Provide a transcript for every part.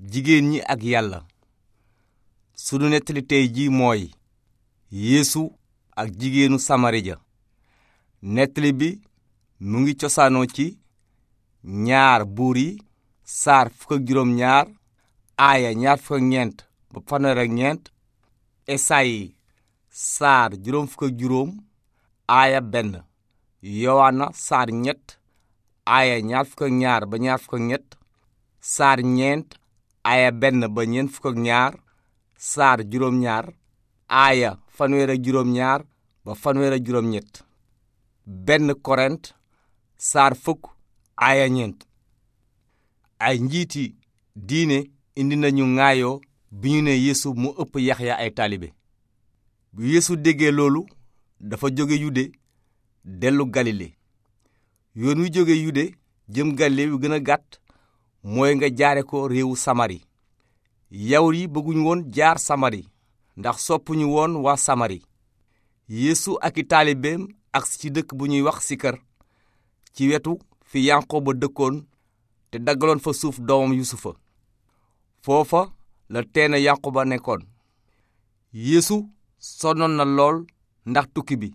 jigéen ñi ak yàlla sunu nettali tey mooy yeesu ak jigéenu samarija ja nettali bi mu ngi cosaanoo ci ñaar buur yi saar fukk ak ñaar aaya ñaar fukk ak ñeent ba fanweer ak ñeent esayi saar juróom fukk ak juróom aaya benn ñaar fukk ñaar ba ñaar fukk ak ñett aaya benn ba ñeent fukk ak ñaar saar juróom ñaar aaya fanweer ak juróom ñaar ba fanweer juróom ñett benn korent saar fukk aaya ñeent ay njiiti diine indi nañu ŋaayoo bi ñu ne yeesu mu ëpp yaxya ay taalibe bu yeesu déggee loolu dafa jóge yude dellu galile yoon wi jóge yude jëm galile wi gën a gàtt mooy nga jaare ko réewu samari yawut yi bëgguñu woon jaar samari ndax soppuñu woon waa samari yéesu ak i taalibeem agsi ci dëkk bu ñuy wax sikar ci wetu fi ba dëkkoon te daggaloon fa suuf doomam yusufa foofa la teena ba nekkoon yéesu sonnoon na lool ndax tukki bi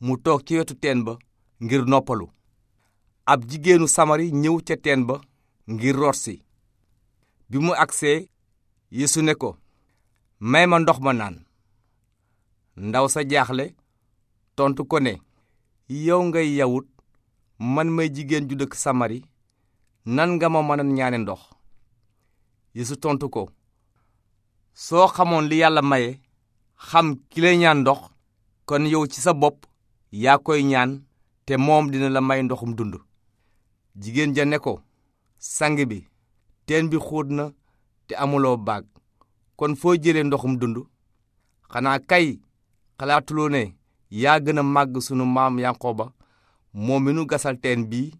mu toog ci wetu teen ba ngir noppalu ab jigéenu samari ñëw ca teen ba ngir root si bi mu agsee yeesu ne ko may ma ndox ma naan ndaw sa jaaxle tontu ko ne yow ngay yawut man may jigéen ju dëkk samari nan nga ma mana a ñaane ndox yeesu tontu ko soo xamoon li yàlla maye xam ki lay ñaan ndox kon yow ci sa bopp yaa koy ñaan te moom dina la may ndoxum dund jigéen ja ne ko sang bi teen bi xóot na te amuloo baag kon foo jëlee ndoxum dund xanaa kay xalaatuloo ne yaa gën a màgg sunu maam yanqooba moom mi nu gasal teen bii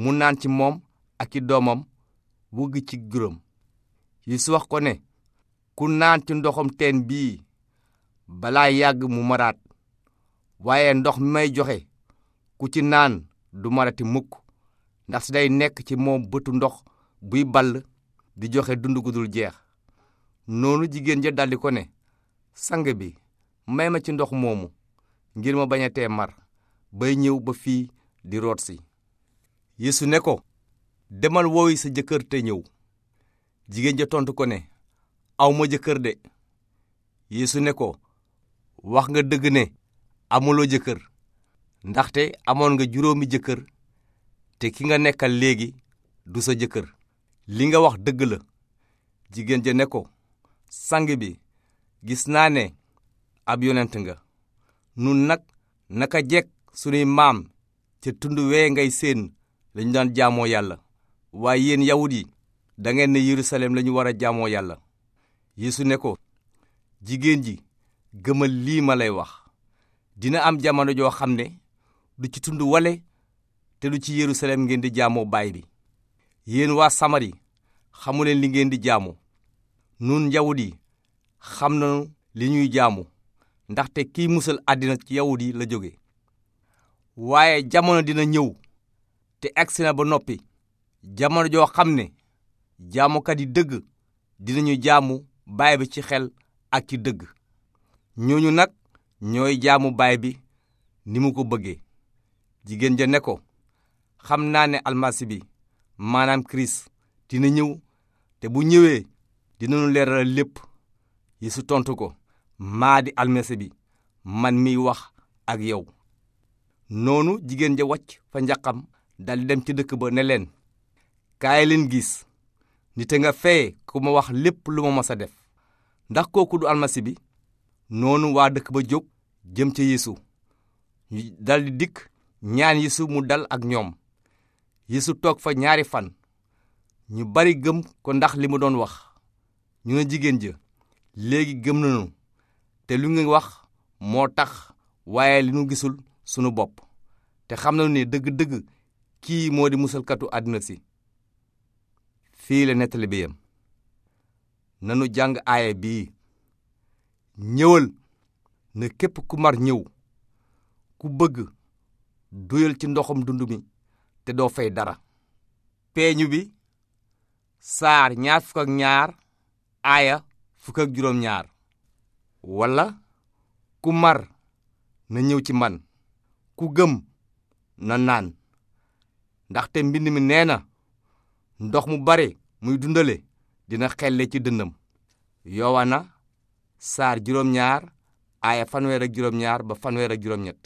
mu naan ci moom ak ci doomam wugg ci juróom Yeesu wax ko ne ku naan ci ndoxum teen bii balaa yàgg mu maraat waaye ndox may joxe ku ci naan du marati mukk ndax day nekk ci moom bëtu ndox buy ball di joxe dund gu jeex noonu jigéen ja daldi ko ne sang bi may ma ci ndox moomu ngir ma bañ a tee mar bay ñëw ba fii di root si yeesu ne ko demal woowi sa jëkkër te ñëw jigéen ja tontu ko ne awma jëkkër de yeesu ne ko wax nga dëgg ne amuloo jëkkër ndaxte amoon nga juróomi jëkkër te ki nga nekkal léegi du sa jëkkër li nga wax dëgg la jigéen ja ne ko sang bi gis naa ne ab yonent nga nun nag naka jekk sunuy maam ca tund wee ngay séen lañu daan jaamoo yàlla waaye yéen yawut yi dangeen ngeen ne yerusalem lañu war a jaamoo yàlla yeesu ne ko jigéen ji gëmal lii ma lay wax dina am jamono joo xam ne du ci tund wale te lu ci yerusalem ngeen di jaamoo baay bi yéen waa samari xamuleen li ngeen di jaamu nun yawut yi xam na li ñuy jaamu ndaxte kiy musal àddina ci yawut yi la jóge waaye jamono dina ñëw te agsi na ba noppi jamono joo xam ne jaamukat yi dëgg dinañu jaamu baay bi ci xel ak ci dëgg ñooñu nag ñooy jaamu baay bi ni mu ko bëggee jigéen ja ne ko xam naa ne almasi bi maanaam kirist dina ñëw te bu ñëwee dinañu leeral lépp Yeesu tontu ko maa di almasi bi man miy wax ak yow noonu jigéen ja wacc fa njaqam daldi dem ci dëkk ba ne leen kaay leen gis nit a nga feye ku ma wax lépp lu ma mës a def ndax kooku du almasi bi noonu waa dëkk ba jóg jëm ca Yeesu ñu daldi dikk ñaan Yeesu mu dal ak ñoom Yeesu toog fa ñaari fan ñu bari gëm ko ndax li mu doon wax ñu ne jigéen ja léegi gëm nañu te lu nga wax moo tax waaye li nu gisul sunu bopp te xam nañu ne dëgg-dëgg kii moo di musalkatu àddina si fii la nettali bi nanu jàng aaya bii ñëwal na képp ku mar ñëw ku bëgg duyal ci ndoxum dund mi te doo fay dara peeñu bi saar ñaar fukk ak ñaar aaya fukk ak juróom ñaar walla ku mar na ñëw ci man ku gëm na naan ndaxte mbind mi nee na ndox mu bare muy dundale dina xelle ci dëndam yowana saar juróom ñaar aaya fanweer ak juróom ñaar ba fanweer ak juróom ñett